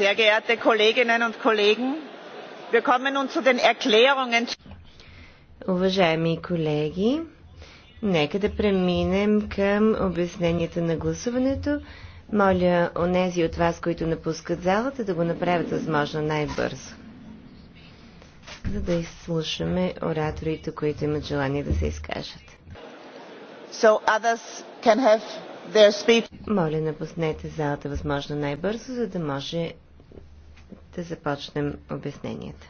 sehr geehrte Kolleginnen und Kollegen, wir kommen nun zu den Erklärungen. Уважаеми колеги, нека да преминем към обяснението на гласуването. Моля онези от вас, които напускат залата, да го направят възможно най-бързо. За да изслушаме ораторите, които имат желание да се изкажат. So others can have their speech. Моля, напуснете залата възможно най-бързо, за да може да започнем обясненията.